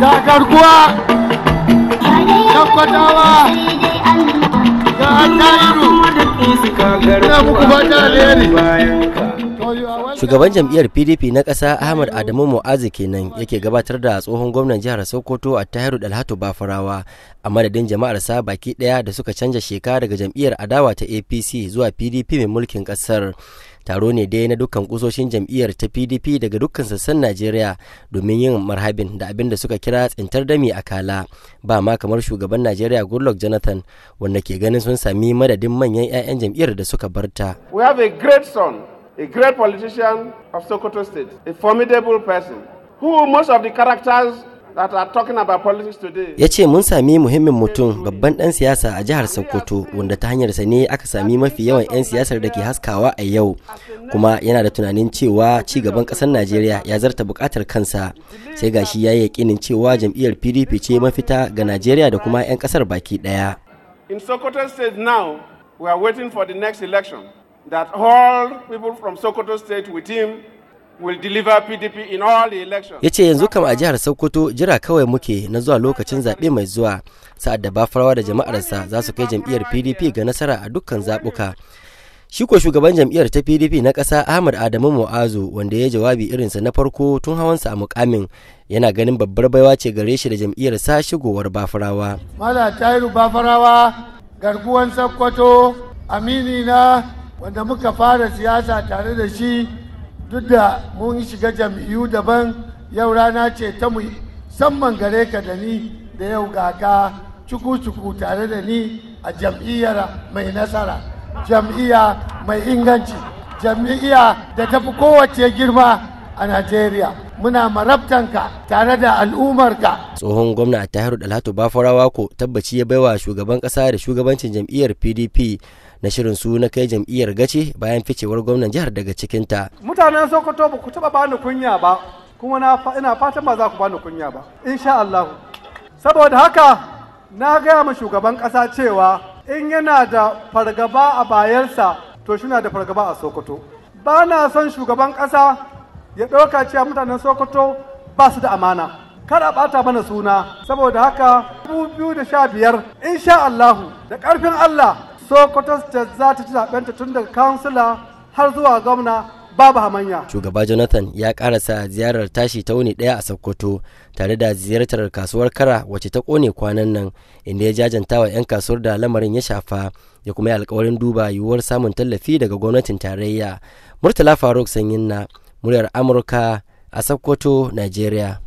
ga garkuwa da muku alheri Shugaban jam'iyyar PDP na ƙasa Ahmad Adamu Mu'azu kenan yake gabatar da tsohon gwamnan jihar Sokoto a Tahiru Dalhatu Bafarawa a madadin jama'ar sa baki ɗaya da suka canza shekara daga jam'iyyar adawa ta APC zuwa PDP mai mulkin ƙasar. taro ne dai na dukkan kusoshin jam'iyyar ta pdp daga dukkan sassan najeriya domin yin marhabin da abin da suka kira tsintar dami a kala ba ma kamar shugaban najeriya goodluck jonathan wanda ke ganin sun sami madadin manyan 'ya'yan jam'iyyar da suka barta we have a great son a great politician of sokoto state a formidable person who most of the characters ya ce mun sami muhimmin mutum babban ɗan siyasa a jihar sokoto wanda ta hanyarsa ne aka sami mafi yawan 'yan siyasar da ke haskawa a yau kuma yana da tunanin cewa ci gaban ƙasar najeriya ya zarta buƙatar kansa sai gashi ya yi yakinin cewa jam'iyyar pdp ce mafita ga najeriya da kuma 'yan ƙasar baki ɗaya that all people from sokoto with him ya ce yanzu kama a jihar sokoto jira kawai muke na zuwa lokacin zaɓe mai zuwa sa'ad da bafarawa da jama'arsa za su kai jam'iyyar pdp ga nasara a dukkan zaɓuka shi ko shugaban jam'iyyar ta pdp na ƙasa ahmad adamu mu'azu wanda ya jawabi irinsa na farko tun hawansa a mukamin yana ganin babbar baiwa ce gare shi da jam'iyyar sa shigowar bafarawa mala tayiru bafarawa garguwan sokoto amini na wanda muka fara siyasa tare da shi duk da mun shiga jam'iyyu daban yau rana ce ta mu samman gare ka da ni da yau gaka cuku-cuku tare da ni a jam'iyyar mai nasara jam'iyya mai inganci jam'iyya da tafi kowace girma a Najeriya. Muna marabtanka tare da al'ummarka. Tsohon gwamna Tahiru Dalhatu Bafarawa ko tabbaci ya baiwa shugaban kasa da shugabancin jam'iyyar PDP na shirin su na kai jam'iyyar gace bayan ficewar gwamnan jihar daga cikinta. Mutanen Sokoto ba ku taɓa bani kunya ba, kuma ina fatan ba za ku bani kunya ba, insha Allah. Saboda haka na gaya ma shugaban kasa cewa in yana da fargaba a bayansa to shi na da fargaba a Sokoto. Ba na son shugaban ƙasa ya ɗauka cewa mutanen sokoto ba su da amana kada ɓata mana suna saboda haka dubu biyu da sha in insha Allahu da ƙarfin Allah sokoto za ta ci zaɓenta tun daga kansila har zuwa gwamna babu hamanya. Shugaba Jonathan ya karasa ziyarar tashi ta wuni ɗaya a Sokoto tare da ziyartar kasuwar kara wacce ta kone kwanan nan inda ya jajanta wa 'yan kasuwar da lamarin ya shafa ya kuma yi alkawarin duba yiwuwar samun tallafi daga gwamnatin tarayya. Murtala Faruk Sanyin na muryar amurka a sokoto nigeria